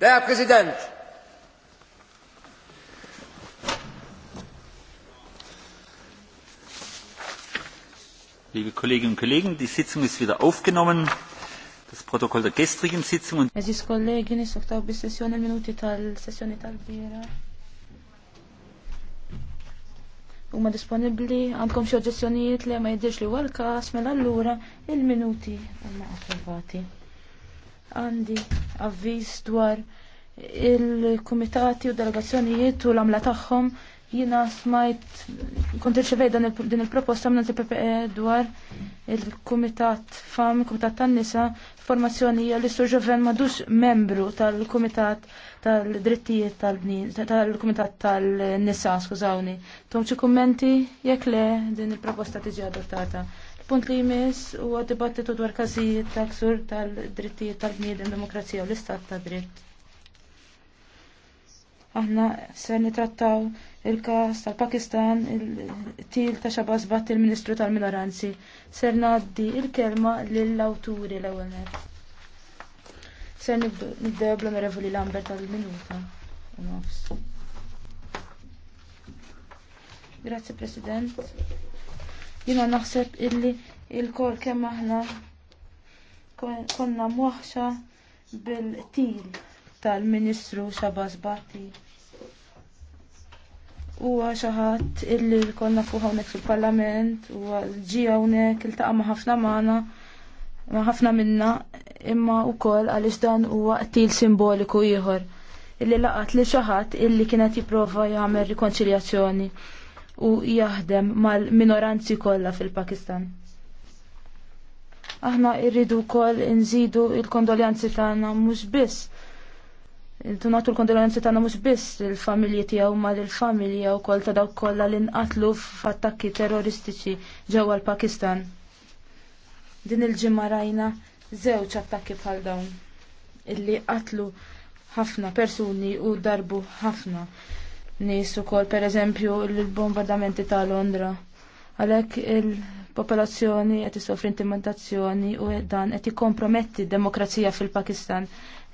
Da, President. Liebe Kolleginnen und Kollegen, die Sitzung ist wieder aufgenommen. Das Protokoll der gestrigen Sitzung und Eżis kollegi nisoktaw bis-sessjoni l-minuti tal-sessjoni tal-bira. Huma disponibbli għandkom xi oġġezzjonijiet li ma jidhirx li huwa l-każ mela allura il-minuti huma approvati. Għandi avviz dwar il-kumitati u delegazzjonijiet u l-għamla tagħhom jina smajt kont irċevej din il-proposta minn il-PPE dwar il-Kumitat FAM, Kumitat tan-nisa, formazzjoni li sur ġoven madux membru tal-Kumitat tal-Drittijiet tal-Kumitat tal-Nisa, skużawni. Tomċi kummenti jekk le din il-proposta tiġi adottata. Punt li jmiss huwa għadibattitu dwar każijiet ta' ksur tal-drittijiet tal-bniedem demokrazija u l-istat ta' dritt. Aħna se nitrattaw il kas tal-Pakistan il-til ta' xabaz bat il-Ministru tal-Minoranzi. Ser naddi il-kelma lill-awturi l-ewwel Ser nibdew bl-Onorevoli Lambert tal-Minuta. Nofs. Grazie President. Jina naħseb illi il-kol kemm aħna konna moħxa bil-til tal-Ministru Xabas Bati. Huwa xi ħadd illi konna fuq hawnhekk fil-Parlament huwa ġie hawnhekk iltaqa' ma' ħafna magħna ma' ħafna minna imma wkoll għaliex dan huwa qtil simboliku ieħor illi laqat li xi ħadd illi kienet jipprova jagħmel rikonċiljazzjoni u jaħdem mal-minoranzi kollha fil-Pakistan. Aħna rridu wkoll nżidu il-kondoljanzi tagħna mhux biss. Tunatu l-kondoljanzi tagħna mhux biss il-familji tiegħu mal familja wkoll ta' dawk kollha li nqatlu f'attakki terroristiċi ġewwa l-Pakistan. Din il-ġimgħa rajna żewġ attakki bħal dawn illi qatlu ħafna persuni u darbu ħafna kol ukoll pereżempju l-bombardamenti ta' Londra. Għalhekk il-popolazzjoni qed issofri intimidazzjoni u dan qed ikkomprometti d-demokrazija fil-Pakistan.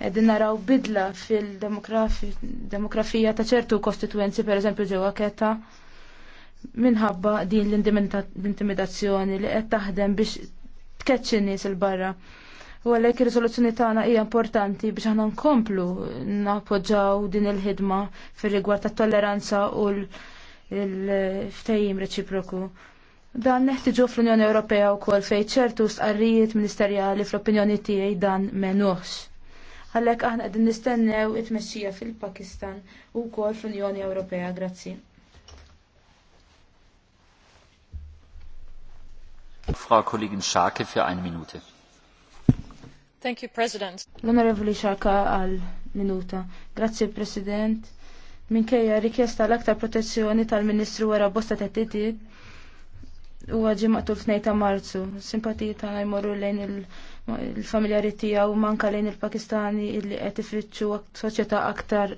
Qegħdin naraw bidla fil-demografija ta' ċertu kostituenzi pereżempju ġewa Keta minħabba din l-intimidazzjoni li qed taħdem biex tkeċċi nies il-barra. U għalhekk ir-riżoluzzjoni tagħna hija importanti biex aħna nkomplu nappoġġaw din il-ħidma fir-rigward tat-tolleranza u l-ftehim reċiproku. Dan neħtiġu fl-Unjoni Ewropea wkoll fejn ċertu stqarrijiet ministerjali fl-opinjoni tiegħi dan menuħx. Għalhekk aħna qegħdin nistennew it-tmexxija fil-Pakistan u wkoll fl-Unjoni Ewropea. Grazzi. Frau Kollegin Scharke für eine Minute. Thank you, President. L-Onorevoli Xaka għal minuta. Grazie, President. Minkejja rikjesta l-aktar protezzjoni tal-Ministru wara bosta tettitiet u għagġi maqtul f'nej ta' marzu. Simpatiji ta' jmorru lejn il-familjari tijaw manka lejn il-Pakistani illi qed ifriċċu soċjetà aktar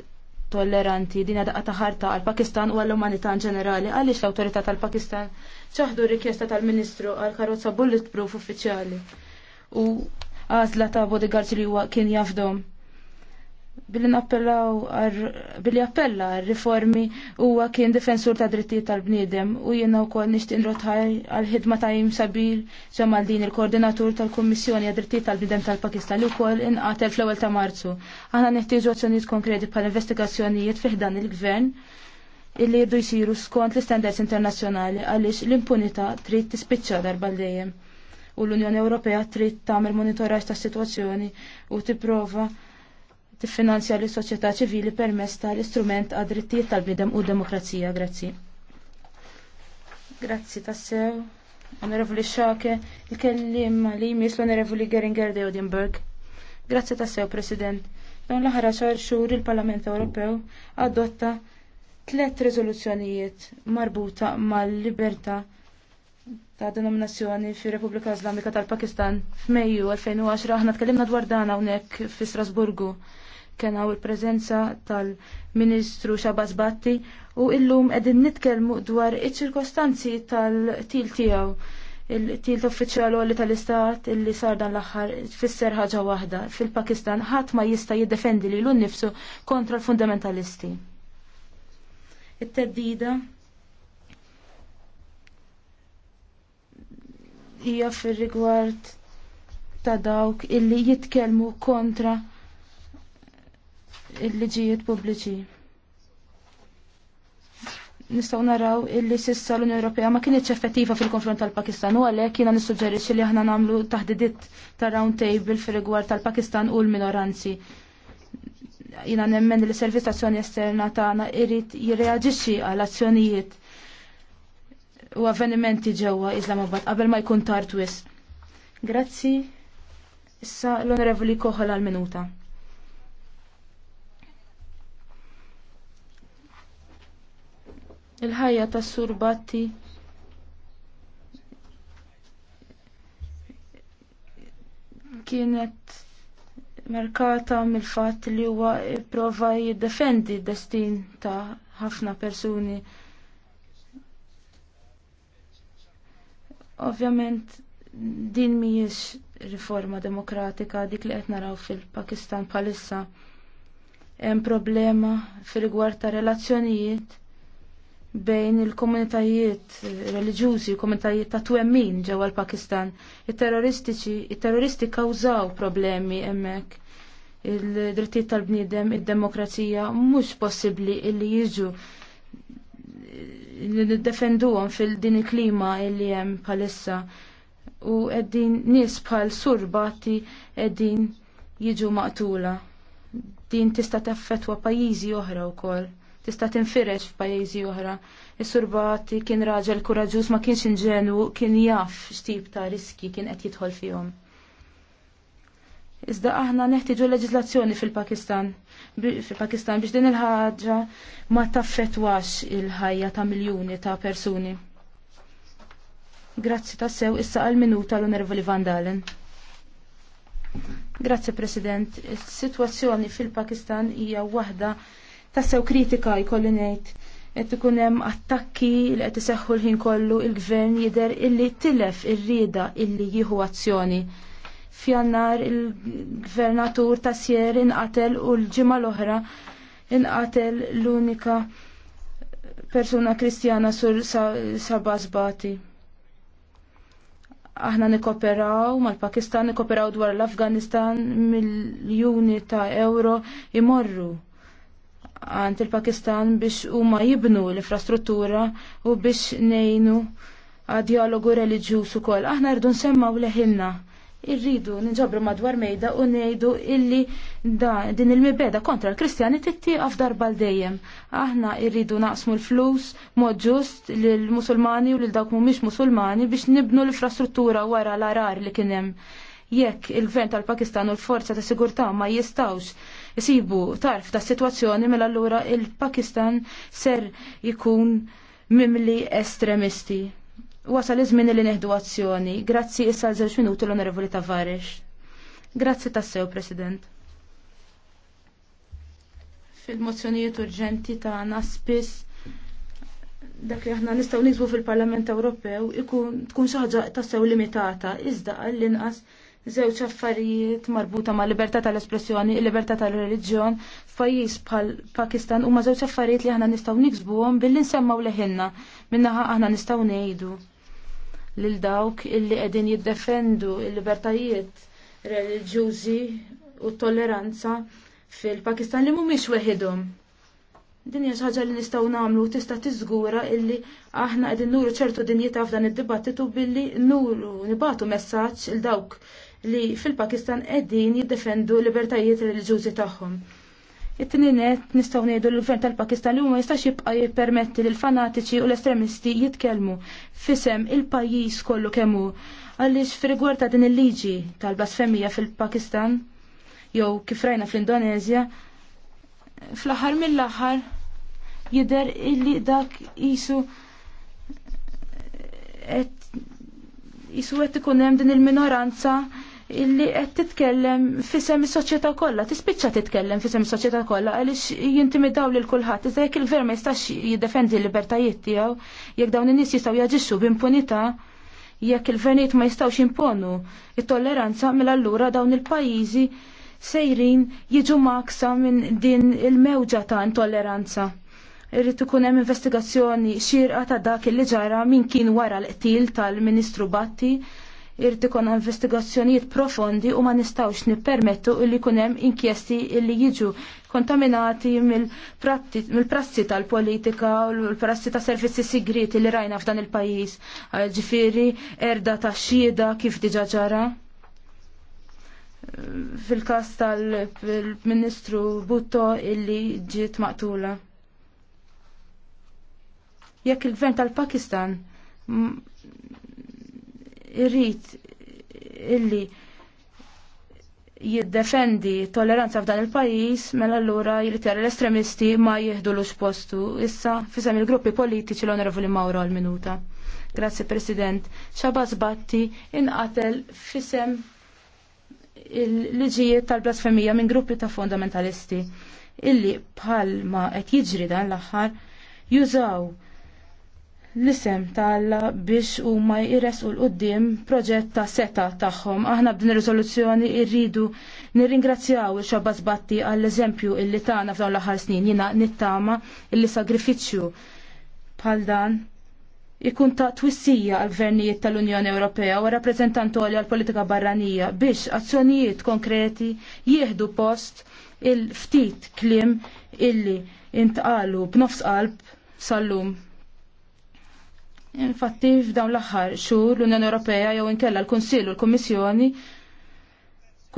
tolleranti din daqqa ta' ħarta għal Pakistan u għall umanità ġenerali għaliex l-awtorità tal-Pakistan ċaħdu rikjesta tal-Ministru għal karozza bulletproof uffiċjali. U għażla ta' bodyguards li huwa kien jafdom. Billi nappellaw billi appella riformi huwa kien difensur ta' drittijiet tal-bniedem u jiena wkoll nixtieq nrotħaj għal ħidma ta' Jim Sabir ġemal din il-koordinatur tal-Kummissjoni għad drittijiet tal-bniedem tal-Pakistan li wkoll inqatel fl-ewwel ta' Marzu. Aħna neħtieġu azzjonijiet konkreti bħal investigazzjonijiet fih dan il-gvern illi jiddu jisiru skont l-standards internazzjonali għaliex l-impunità trid tispiċċa darba l-dejjem u l-Unjoni Ewropea trid tagħmel monitoraġġ tas-sitwazzjoni u tipprova tiffinanzja l soċjetà ċivili permezz tal-istrument għad drittijiet tal bidem u demokrazija. Grazzi. Grazzi tassew. Onorevoli Xake, il-kellim li jmiss l-Onorevoli Geringer de Odenberg. Grazzi tassew, President. Dawn l ħara xar xhur il-Parlament Ewropew adotta tliet riżoluzzjonijiet marbuta mal-libertà ta' denominazzjoni fi Repubblika Islamika tal-Pakistan f'Mejju 2010 aħna tkellimna dwar dan hawnhekk fi Strasburgu. kien hawn il preżenza tal-Ministru Shabazz Batti u illum qegħdin nitkellmu dwar iċ-ċirkostanzi tal-til tiegħu il-til uffiċjal li tal-istat illi sar dan l-aħħar tfisser ħaġa waħda fil-Pakistan ħadd ma jista' jiddefendi lilu nnifsu kontra l-fundamentalisti. It-teddida hija fir-rigward ta' dawk illi jitkellmu kontra il-liġijiet pubbliċi. Nistgħu naraw illi sissa l-Unjoni Ewropea ma kienx effettiva fil-konfront tal-Pakistan u għalhekk jiena nissuġġerixxi li aħna nagħmlu taħdidiet ta' round table fir-rigward tal-Pakistan u l-minoranzi. Jiena nemmen li servizz tazzjoni esterna tagħna irid jirreaġixxi għal azzjonijiet u avvenimenti ġewwa Islamabad qabel ma jkun tard wisq. Grazzi. Issa l-Onorevoli Koħol għal minuta. Il-ħajja tas Sur Batti kienet merkata mill-fatt li huwa prova jiddefendi d-destin ta' ħafna persuni Ovvjament din mhijiex riforma demokratika dik li qed naraw fil-Pakistan bħalissa hemm problema fir-rigward ta' relazzjonijiet bejn il-komunitajiet reliġjużi u komunitajiet ta' twemmin ġewwa l-Pakistan. Il-terroristiċi, il-terroristi kawżaw problemi hemmhekk il-drittijiet tal-bniedem, id-demokrazija mhux possibbli illi jiġu li niddefenduhom fil-din il-klima li hemm bħalissa u qegħdin nies bħal surbati qegħdin jiġu maqtula. Din tista' teffettwa pajjiżi oħra wkoll. Tista' tinfireġ f'pajjiżi oħra. Is-surbati kien raġel kuraġus ma kienx inġenwu kien jaf x'tip ta' riski kien qed jidħol fihom. Iżda aħna neħtiġu leġislazzjoni fil-Pakistan fil-Pakistan biex din il-ħaġa ma taffetwax il-ħajja ta' miljuni ta' persuni. Grazzi ta' sew issa għal minuta l-Onorevoli Van Dalen. Grazzi President, is-sitwazzjoni fil-Pakistan hija waħda ta' sew kritika jkolli ngħid qed ikun hemm attakki li qed iseħħu l-ħin kollu il-gvern jidher illi tilef ir-rieda illi jieħu azzjoni. Fjannar il-gvernatur ta' Sier inqatel u l-ġimgħa l-oħra inqatel l-unika persuna kristjana sur sabazbati. Aħna nikoperaw mal-Pakistan, nikoperaw dwar l-Afganistan miljuni ta' euro imorru għand il-Pakistan biex huma jibnu l-infrastruttura u biex nejnu għad dialogu reliġjuż ukoll. Aħna rridu nsemmaw leħinna irridu ninġabru madwar mejda u ngħidu illi da, din il-mibeda kontra l-Kristjani titti f'darba l-dejjem. Aħna irridu naqsmu l-flus mod ġust lill-Musulmani u lil dawk mhumiex Musulmani biex nibnu l-infrastruttura wara l-arar li kien hemm. Jekk il-gvern tal-Pakistan u l-forza ta' sigurtà ma jistawx isibu tarf ta' situazzjoni mela allura il-Pakistan ser jikun mimli estremisti wasal iż-żmien li neħdu azzjoni. Grazzi issa żewġ minuti l-Onorevoli Tavares. Grazzi tassew, President. Fil-mozzjonijiet urġenti tagħna spiss dak li aħna nistgħu fil-Parlament Ewropew ikun tkun xi ħaġa tassew limitata iżda għall-inqas żewġ affarijiet marbuta ma' libertà tal-espressjoni, libertà tal-reliġjon f'pajjiż bħal Pakistan huma żewġ affarijiet li aħna nistgħu niksbuhom billi nsemmaw leħinna minnaħa aħna nistgħu ngħidu lil dawk illi qegħdin jiddefendu l-libertajiet reliġjużi u t-tolleranza fil-Pakistan li mhumiex weħidhom. Din hija xi ħaġa li nistgħu nagħmlu u tista' tiżgura illi aħna qegħdin nuru ċertu dinjità f'dan id-dibattitu billi nuru nibatu messaġġ il dawk li fil-Pakistan qegħdin jiddefendu libertajiet reliġjużi tagħhom. it tnienet nistgħu ngħidu l-Gvern tal-Pakistan li huma jistax jibqa' jippermetti lil fanatiċi u l-estremisti jitkellmu fisem il-pajjiż kollu kemm hu għaliex fir ta' din il-liġi tal-blasfemija fil-Pakistan jew kif rajna fl-Indonezja fl-aħħar mill-aħħar jidher illi dak isu qed qed ikun hemm din il-minoranza illi qed titkellem fisem is-soċjetà kollha, tispiċċa titkellem fisem is-soċjetà kollha għaliex jintimidaw lil kulħadd, iżda jekk il-gvern ma jistax jiddefendi l-libertajiet tiegħu, jekk dawn in-nies jistgħu jaġixxu b'impunità, jekk il-gvernijiet ma jistgħux jimponu it-tolleranza mill mela allura dawn il-pajjiżi sejrin jiġu maksa minn din il-mewġa ta' intolleranza. Irrid ikun hemm investigazzjoni xirqa ta' dak li ġara min kien wara l-qtil tal-Ministru Batti irrid ikun investigazzjonijiet profondi u ma nistgħux nippermettu illi jkun hemm inkjesti li jiġu kontaminati mill-prassi tal-politika u l-prassi ta' servizzi sigriti li rajna f'dan il-pajjiż. Eh, Ġifiri, erda ta' xhieda kif diġà ġara. Eh, fil-każ tal-Ministru Butto illi ġiet maqtula. Jekk il-Gvern tal-Pakistan irrit illi jiddefendi tolleranza f'dan il-pajis, mela allura jirrit l-estremisti ma jihdu l postu. Issa, fisem il-gruppi politiċi l-onorevoli Mauro għal-minuta. Grazie, President. Xabaz Batti inqatel fisem il-liġijiet tal-blasfemija minn gruppi ta' fondamentalisti illi bħalma qed jiġri dan l-aħħar jużaw l-isem tal biex u ma jires u l-qoddim proġett ta' seta tagħhom. Aħna b'din ir-riżoluzzjoni rridu nirringrazzjaw il-xabaz batti għall-eżempju illi tagħna f'dawn l-aħħar snin jina nittama illi sagrifiċċju bħal dan ikun ta' twissija għal gvernijiet tal-Unjoni Ewropea u rappreżentanti għal politika barranija biex azzjonijiet konkreti jieħdu post il-ftit klim illi intqalu b'nofs qalb sal-lum Infatti f'dawn l-aħħar xhur l-Unjoni Ewropea jew inkella l-Kunsill u l-Kummissjoni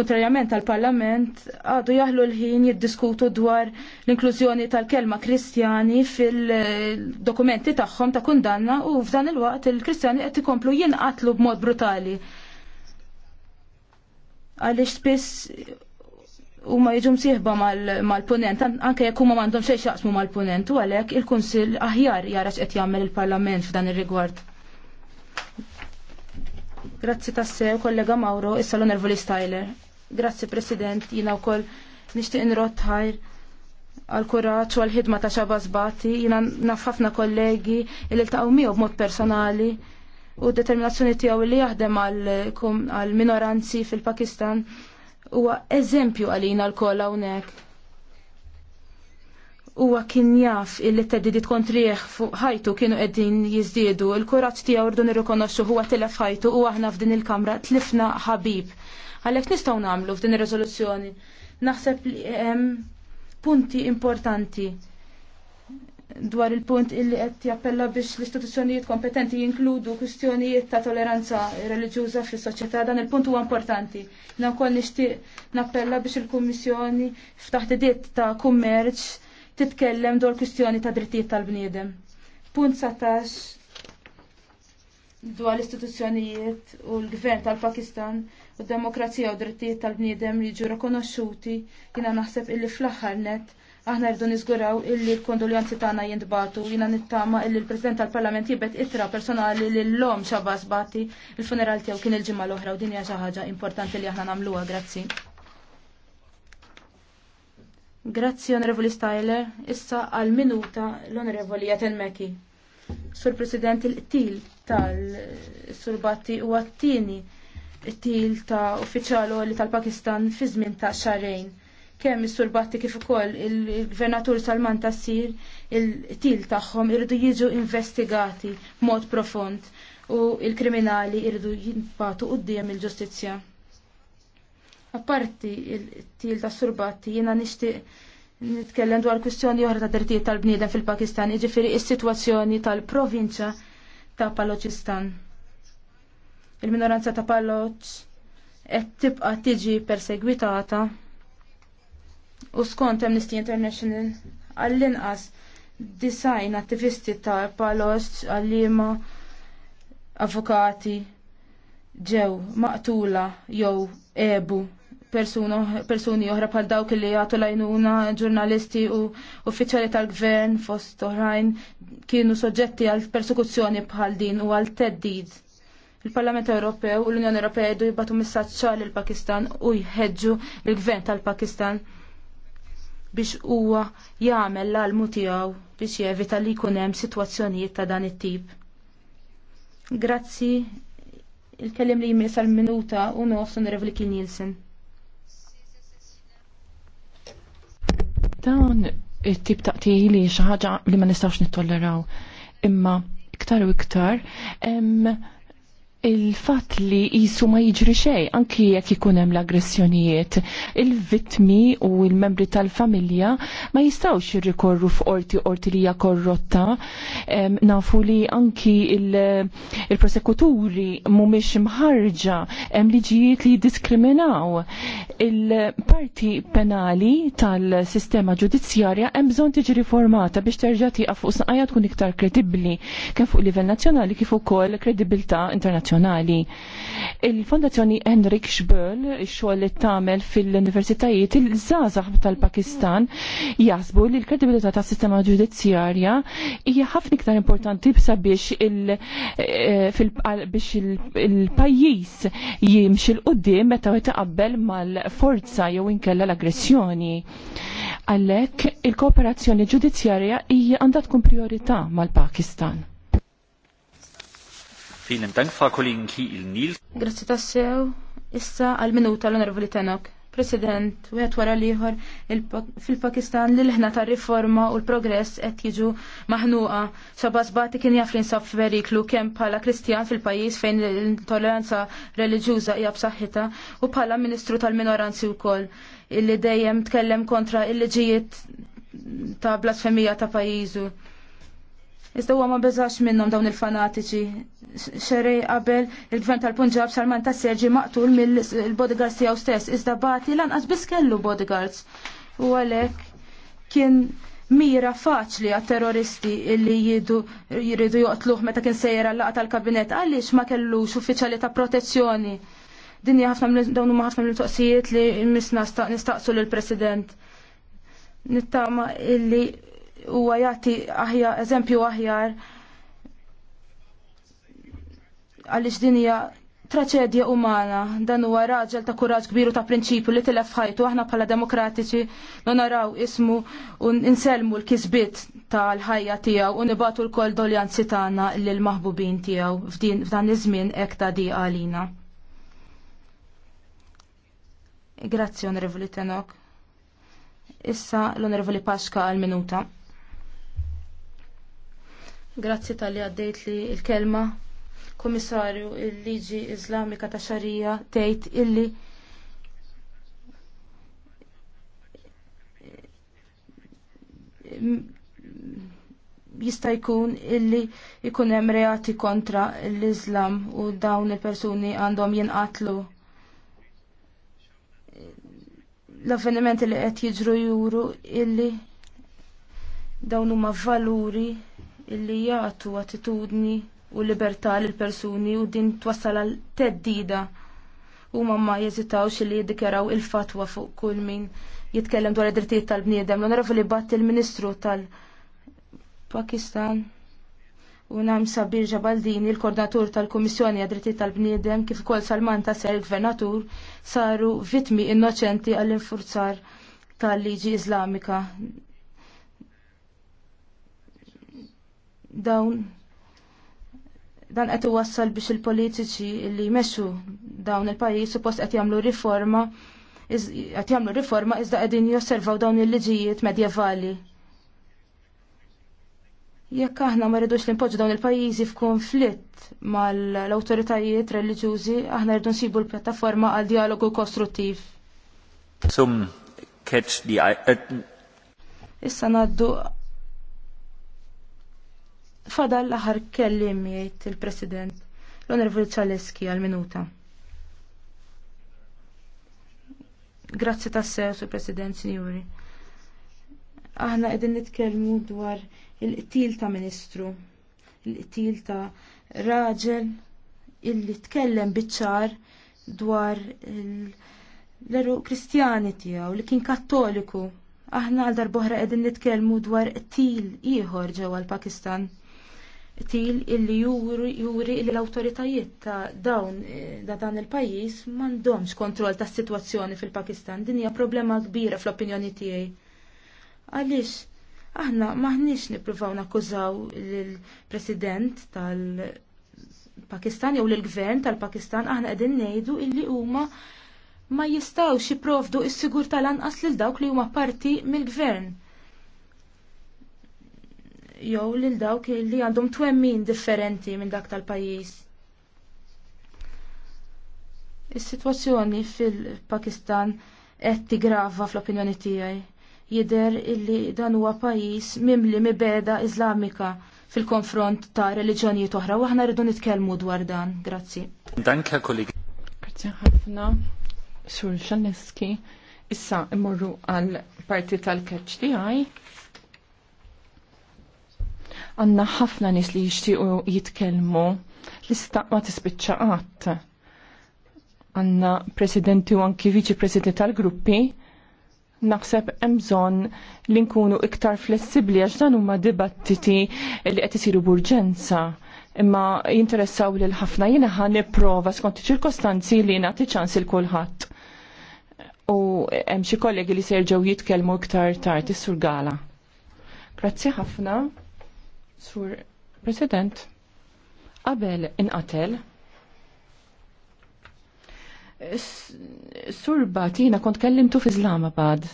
kontrarjament għall parlament għadu jaħlu l-ħin jiddiskutu dwar l-inklużjoni tal-kelma Kristjani fil-dokumenti tagħhom ta' kundanna u f'dan il-waqt il-Kristjani qed ikomplu jinqatlu b'mod brutali. Għaliex spiss ma jiġu msieħba mal-punent, anke jekk huma m'għandhom xejn xaqsmu mal-punent, u għalhekk il-Kunsill aħjar jara x'qed jagħmel il-Parlament f'dan ir-rigward. Grazzi tassew, kollega Mauro, issa l li Styler. Grazzi President, jina wkoll nixtieq inrott ħajr għal kuraġġ u għal-ħidma ta' xaba żbati, jina naf ħafna kollegi li ltaqgħu miegħu b'mod personali u determinazzjoni tiegħu li jaħdem għal minoranzi fil-Pakistan huwa eżempju għalina l-koll hawnhekk. Huwa kien jaf illi t-teddidiet kontrieħ fuq ħajtu kienu qegħdin jiżdiedu, il-kuraġġ tiegħu rdu nirrikonoxxu huwa tilef ħajtu u aħna f'din il-kamra tlifna ħabib. Għalhekk nistgħu nagħmlu f'din ir-riżoluzzjoni. Naħseb li hemm punti importanti dwar il-punt illi qed jappella biex l-istituzzjonijiet kompetenti jinkludu kwistjonijiet ta' toleranza reliġjuża fis-soċjetà dan il-punt huwa importanti. Nan wkoll nixtieq nappella biex il-Kummissjoni ftaħt ta' kummerċ titkellem dwar kwistjoni ta' drittijiet tal-bniedem. Punt 17 dwar l-istituzzjonijiet u l-gvern tal-Pakistan u d-demokrazija u drittijiet tal-bniedem li jiġu rikonoxxuti jiena naħseb illi fl-aħħar net Aħna rridu niżguraw illi l-kondoljanzi tagħna jintbatu jiena nittama illi l-President tal-Parlament jibet ittra personali lil-lom xabba Bati il-funeral tiegħu kien il-ġimgħa l-oħra u din hija xi ħaġa importanti li aħna nagħmluha, grazzi. Grazzi Onorevoli Styler, issa għal minuta l-Onorevoli Meki. Sur President il-qtil tal-surbatti u għattini il-qtil ta' li tal-Pakistan fi żmien ta' xarejn kemm is surbatti kif ukoll il-Gvernatur Salman Tassir il-til tagħhom iridu jiġu investigati b'mod profond u il-kriminali irridu jinbatu quddiem il-ġustizzja. Apparti il-til ta' surbatti jiena nixtieq Nitkellem dwar kwistjoni oħra ta' drittijiet tal-bniedem fil-Pakistan, jiġifieri is-sitwazzjoni tal-provinċja ta' Paloċistan. Il-minoranza ta' Paloċ qed tibqa' tiġi persegwitata U skont Amnesty International għall-inqas design attivisti ta' palos għallima avukati ġew maqtula jew ebu persuni oħra bħal dawk li jgħatu lajnuna ġurnalisti u uffiċjali tal-gvern fost oħrajn kienu soġġetti għal persekuzzjoni bħal din u għal teddid. Il-Parlament Ewropew u l-Unjoni Ewropea jdu jibatu messaġġ ċar pakistan u jħeġġu l-gvern tal-Pakistan biex huwa jagħmel l-almu tiegħu biex jevita li jkun hemm sitwazzjonijiet ta' dan it-tip. Grazzi il-kellim li jmiss minuta u nofs onorevoli Kil Nielsen. Dawn it-tip ta' li xi ħaġa li ma nistax nittolleraw imma iktar u iktar il-fat li jisu ma jiġri xej, anki jekk ikun hemm l-aggressjonijiet, il-vittmi u l-membri il vittmi u l membri tal familja ma jistawx jirrikorru f'orti orti li hija korrotta, nafu li anki il-prosekuturi il mhumiex mħarġa hemm liġijiet li jiddiskriminaw. Il-parti penali tal-sistema ġudizzjarja hemm bżonn tiġi riformata biex terġa' tieqa fuq snaqajja tkun iktar kredibbli kemm fuq livell nazzjonali kif ukoll kredibilta internazzjonali internazzjonali. Il-Fondazzjoni Henrik Xböl, xogħol li tagħmel fil-Universitajiet il-żgħażagħ tal-Pakistan jasbu li l-kredibilità tas-sistema ġudizzjarja hija ħafna iktar importanti sabiex il- eh, biex il-pajjiż jimxi l-qudiem meta jitaqabbel mal-forza jew inkella l-aggressjoni. Għalhekk il-kooperazzjoni ġudizzjarja hija għandha tkun priorità mal-Pakistan. Vielen Dank, Frau Kollegin Kiel-Nil. Grazie tassew. Issa għal-minuta l onorvoli Tenok. President, u għet wara liħor fil-Pakistan li l-ħna ta' riforma u l-progress għet jiġu maħnuqa. Xabas bati kien jafrin sa' feriklu kem bħala kristjan fil-pajis fejn l-intoleranza religjuza hija b'saħħitha u bħala ministru tal-minoranzi wkoll illi dejjem tkellem kontra il-liġijiet ta' blasfemija ta' pajizu. Iżda huwa ma beżax minnhom dawn il-fanatiċi. Xerej qabel il-gvern tal-Punġab Salman ta' Serġi maqtul mill-bodyguards tiegħu stess. Iżda Bati lanqas biss kellu bodyguards. U għalhekk kien mira faċli għat terroristi illi jidu jiridu joqtluħ meta kien sejjer għallaqa tal-kabinet għaliex ma kellux uffiċjali ta' protezzjoni. Dinja ħafna dawn huma ħafna mill-toqsijiet li misna nistaqsu lill-President. Nittama illi huwa jagħti aħjar eżempju aħjar għaliex din hija traċedja umana dan huwa raġel ta' kuraġġ kbiru ta' prinċipju li tilef ħajtu aħna bħala demokratiċi nonaraw ismu u nselmu l-kisbiet tal-ħajja tiegħu u nibatu l-kol doljanzi tagħna lil maħbubin tiegħu f'dan iż-żmien hekk ta' di għalina. Grazzi Onorevoli Tenok. Issa l-Onorevoli Paxka għal-minuta. Grazzi tal-li għaddejt li il-kelma. Komissarju, il-liġi Islamika ta' xarija tgħid illi jista' jkun illi jkun hemm reati kontra l-Islam u dawn il-persuni għandhom jinqatlu. L-avvenimenti li qed jiġru juru illi dawn huma valuri illi jagħtu attitudni u libertà lil persuni u din twassal għal teddida u mamma jeżitawx li jiddikjaraw il-fatwa fuq kull min jitkellem dwar id-drittijiet tal-bniedem. L-onorafu li batt il-Ministru tal-Pakistan u nam Sabir Ġabaldini, il-koordinatur tal-Kummissjoni għad-drittijiet tal-bniedem, kif ukoll Salman ser il-Gvernatur, saru vitmi innoċenti għall-infurzar tal-liġi Iżlamika. dawn dan qed iwassal biex il-politiċi li jmexxu dawn il-pajjiż suppost qed jagħmlu riforma qed jagħmlu riforma iżda qegħdin josservaw dawn il-liġijiet medjevali. Jekk aħna ma rridux li npoġġu dawn il-pajjiżi f'konflitt mal-awtoritajiet reliġjużi, aħna rridu nsibu l-pjattaforma għal dialogu kostruttiv. Sum catch the uh, Issa ngħaddu Fadal l-aħar kellim jgħid il-President l-Onorevoli Czaleski għal-minuta. Grazzi tas-sew, Sur President, Sinjuri. Aħna qegħdin nitkellmu dwar il-qtil ta' Ministru, il-qtil ta' raġel illi tkellem biċ-ċar dwar l-eru kristjani tiegħu li kien kattoliku aħna għal darboħra qegħdin nitkellmu dwar qtil ieħor ġewwa l-Pakistan til illi juri li l-autoritajiet ta' dawn eh, da' dan il-pajis mandomx kontrol ta' situazzjoni fil-Pakistan. Din hija problema kbira fl-opinjoni tiegħi. Għaliex aħna maħniex nippruvaw nakkużaw l-President tal-Pakistan jew l-Gvern tal-Pakistan aħna qegħdin ngħidu illi huma ma jistgħux jipprovdu s-sigur tal-anqas lil dawk li huma parti mill-Gvern jew lil dawk li għandhom twemmin differenti minn dak tal-pajjiż. Is-sitwazzjoni fil-Pakistan qed tigrava fl-opinjoni tiegħi. Jidher illi dan huwa pajjiż mimli mibeda Iżlamika fil-konfront ta' reliġjonijiet oħra u aħna rridu nitkellmu dwar dan. Grazzi. Danke kollegi. Grazzi ħafna. Sur Ġaneski, issa immorru għal parti tal-keċ tiegħi. Għanna ħafna nis li jixtiequ jitkellmu li staqma tispiċċa qatt. Għanna presidenti u anki viċi presidenti tal-gruppi naħseb hemm bżonn li nkunu iktar flessibbli għax dan huma dibattiti li qed isiru b'urġenza imma jinteressaw lil ħafna jiena ħan nipprova skont ċirkostanzi li nagħti ċans il kulħadd. U hemm xi kollegi li serġgħu jitkellmu iktar tard is surgala Grazzi ħafna. Sur President, qabel inqatel, Sur Batina kont kellimtu fi bad.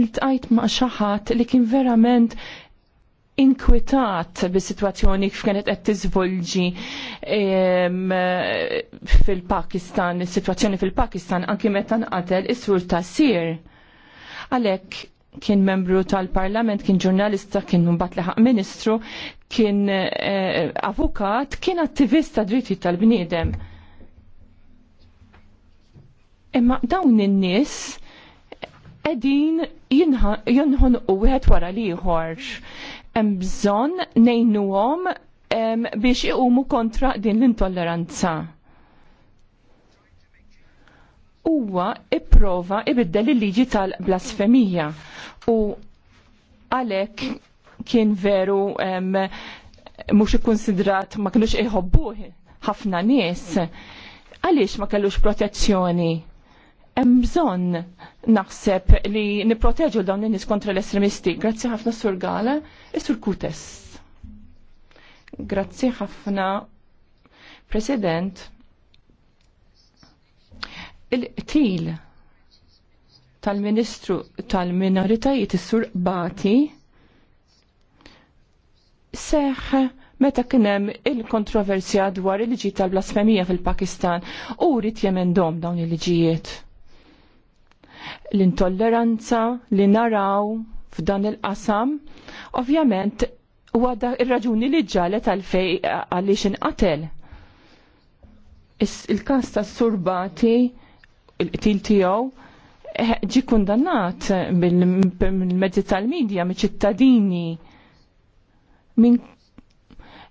il tajt ma' xaħat li kien verament inkwitat bis-sitwazzjoni kif kienet qed tiżvolġi fil-Pakistan, is-sitwazzjoni fil-Pakistan anki meta nqatel is-sur ta' sir. Għalhekk kien membru tal-parlament, kien ġurnalista, kien mbagħad liħaq ministru, kien eh, avukat, kien attivista dritti tal-bniedem. Imma dawn in-nies qegħdin u wieħed wara liħor. Hemm bżonn ngħinuhom biex iqumu kontra din l-intolleranza. Huwa ipprova ibiddel il-liġi tal-blasfemija u għalek kien veru mux ikkonsidrat ma kellux iħobbuh ħafna nies. Għaliex ma kellux protezzjoni? Hemm bżonn naħseb li nipproteġu dawn in-nies kontra l-estremisti. Grazzi ħafna Sur Gala e Sur Kutes. Grazzi ħafna President. Il-til tal-Ministru tal-Minoritajiet is-Sur Bati seħ meta kien hemm il-kontroversja dwar il-liġi tal-blasfemija fil-Pakistan u rrit jemendhom dawn il-liġijiet. L-intolleranza li naraw f'dan il-qasam, ovvjament huwa ir-raġuni li ġalet għalfej għaliex inqatel. Il-kas ta' surbati, il-qtil tiegħu, ġi kundannat mill-mezzi tal-medja, mill ċittadini,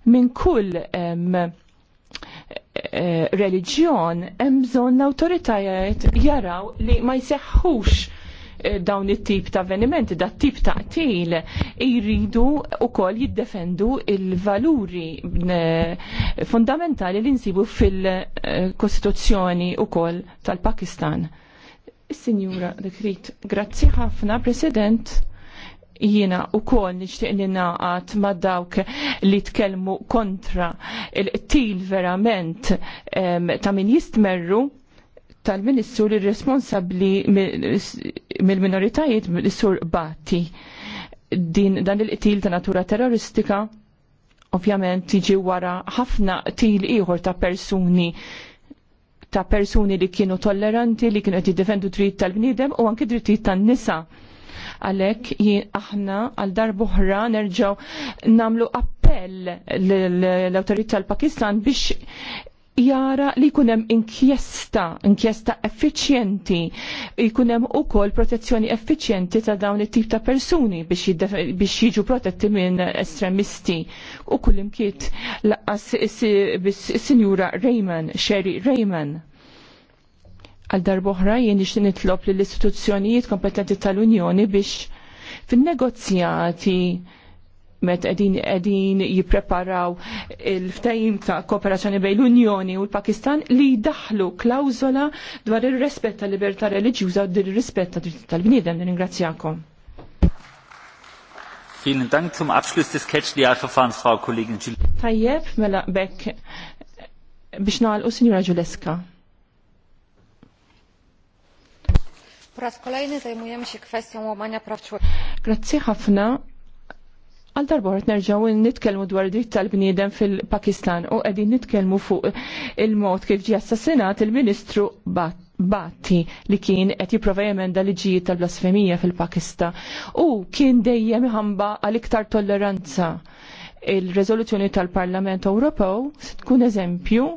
minn kull eh, eh, reliġjon hemm bżonn l-awtoritajiet jaraw li ma jseħħux eh, dawn it-tip ta' avvenimenti, da' tip ta' qtil jridu wkoll jiddefendu il-valuri fundamentali li nsibu fil-Kostituzzjoni wkoll tal-Pakistan. Is-Sinjura Dekrit, grazzi ħafna, President jiena u kol nishtiq li naqat ma dawk li tkellmu kontra il-til verament ta' min jistmerru tal-ministru li responsabli mill-minoritajiet sur bati din dan il-qtil ta' natura terroristika ovvjament jiġi wara ħafna qtil ieħor ta' persuni ta' persuni li kienu tolleranti, li kienu għeti defendu dritt tal-bniedem u anki drittijiet tan-nisa. Għalhekk aħna għal buħra nerġgħu nagħmlu appell l-awtorità tal-Pakistan biex jara li kunem inkjesta, inkjesta effiċjenti, jkunem u kol protezzjoni effiċjenti ta' dawn it-tip ta' persuni biex jiġu protetti minn estremisti. U kull imkiet laqqas sinjura Rayman, Sherry Rayman. Għal darboħra jien ix nitlob li l-istituzzjonijiet kompetenti tal-Unjoni biex fin-negozjati met edin edin jipreparaw il-ftajim ta' kooperazzjoni bej l-Unjoni u l-Pakistan li daħlu klawzola dwar il-rispett ta' libertà reliġjuża u il-rispett ta' dritt tal-bniedem. Ringrazzjakom. Vielen Dank zum Abschluss des Catch the Eye Verfahrens, Frau Kollegin Gil. Tajjeb, mela bekk biex nagħlqu Sinjura Ġuleska. Po raz kolejny zajmujemy się kwestią łamania praw człowieka. Grazie Hafna. Għal darbort nerġaw nitkelmu dwar dritt tal-bniedem fil-Pakistan u għedin nitkelmu fuq il-mod kif ġi assassinat il-Ministru Batti li kien qed jipprova jemenda li tal-blasfemija fil-Pakistan u kien dejjem ħamba għal iktar tolleranza. Il-rezoluzzjoni tal-Parlament Ewropew se tkun eżempju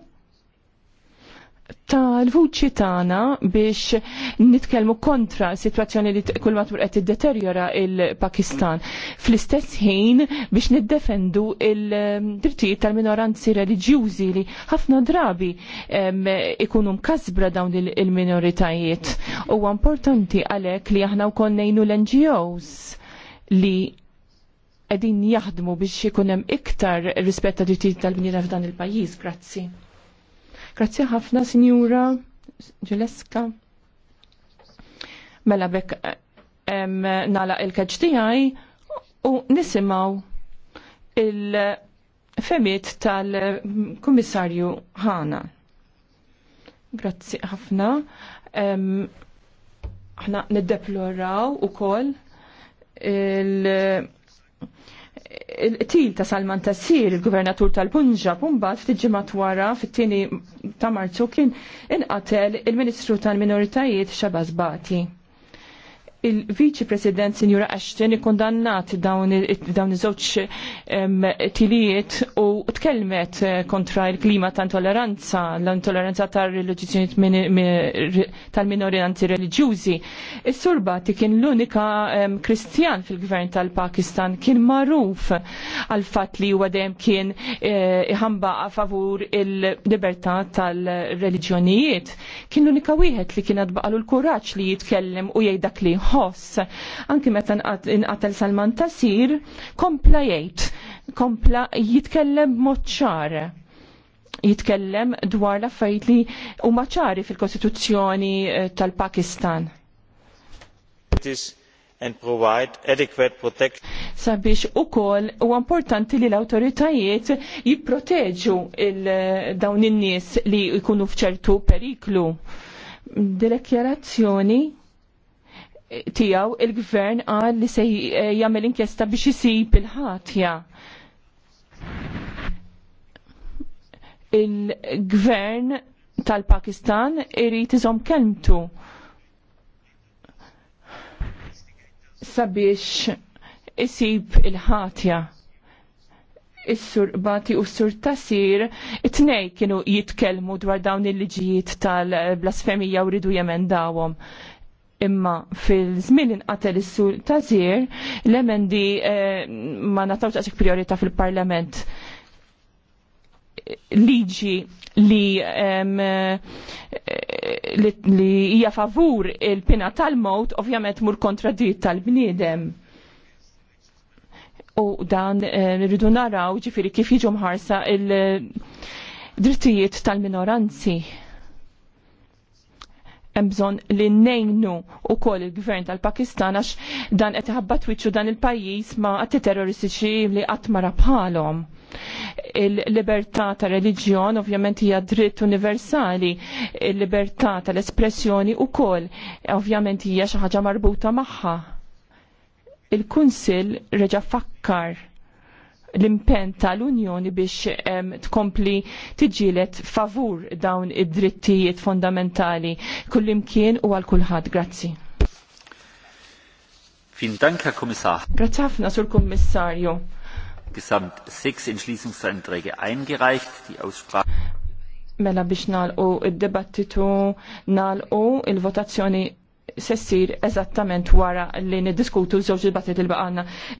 tal-vuċi tagħna biex nitkellmu kontra situazzjoni li kull matur qed iddeterjora il-Pakistan. Fl-istess ħin biex niddefendu il-drittijiet tal-minoranzi reliġjużi li ħafna drabi ikunu mkasbra dawn il-minoritajiet. Huwa importanti għalhekk li aħna wkoll konnejnu l-NGOs li qegħdin jaħdmu biex ikun hemm iktar rispetta tad drittijiet tal minoranzi f'dan il-pajjiż. Grazzi. Grazzi ħafna, Sinjura Ġileska. Mela bekk eh, nala il-keġ tiegħi u nisimgħu il-femiet tal-Kummissarju Ħana. Grazzi ħafna. Ħna niddeploraw ukoll il- il-til ta' Salman Tassir, il-governatur tal punġa mbagħad ftit ġimgħat wara fit-tieni ta' Marzu kien inqatel il-Ministru tal-Minoritajiet Xabaz Bati il-Viċi President Sinjura Ashton ikkondannat dawn iż-żewġ tilijiet u tkellmet eh, kontra il-klima ta' intolleranza, l-intolleranza ta' reliġizzjoniet tal-minoranzi reliġjużi. is ti kien l-unika Kristjan fil-gvern tal-Pakistan kien magħruf għal fatt li huwa dejjem kien eh, iħamba favur il-libertà tal-reliġjonijiet. Kien l-unika wieħed li kien għadbaqalu l-kuraġġ li jitkellem u jgħid dak li tħoss. Anki meta nqatel Salman Tasir, kompla jgħid, kompla jitkellem b'mod ċar jitkellem dwar l-affarijiet li huma ċari fil-Kostituzzjoni eh, tal-Pakistan. and provide adequate protection. Sabiex ukoll huwa importanti li l-awtoritajiet jipproteġu eh, dawn in-nies li jkunu f'ċertu periklu. Dilekjarazzjoni tijaw il-gvern għal li se eh, jagħmel inkjesta biex jisib il-ħatja. Il-gvern tal-Pakistan irid iżom kelmtu sabiex isib il-ħatja. Is-sur Bati u s-sur Tasir it-nej kienu jitkelmu dwar dawn il-liġijiet tal-blasfemija u ridu jemendawhom imma fil-żmien inqatel is-sur tażir l-emendi eh, ma natawx għaxek priorità fil-parlament liġi li um, li hija favur il-pina tal-mowt ovvjament mur kontra dritt tal-bniedem. U dan eh, rridu naraw ġifiri kif jiġu mħarsa il-drittijiet tal-minoranzi bżon li nejnu u koll il-gvern tal-Pakistan għax dan qed ħabba twitxu dan il-pajjiż ma atti terroristiċi li qatt mara bħalhom. Il-libertà ta' reliġjon ovvjament hija dritt universali, il-libertà tal-espressjoni u koll ovvjament hija xi ħaġa marbuta magħha. Il-Kunsill reġa' fakkar l-impen tal-Unjoni biex tkompli tiġilet favur dawn id-drittijiet fondamentali kullimkien u għal kulħadd. Grazzi. Vielen Dank, Herr Kommissar. Grazie ħafna, Sur Kommissarju. Gesamt sechs Entschließungsanträge eingereicht. Die Aussprache mela biex nalqu id-debattitu nalqu il-votazzjoni sessir eżattament wara li niddiskutu żewġ dibattit il-baqanna.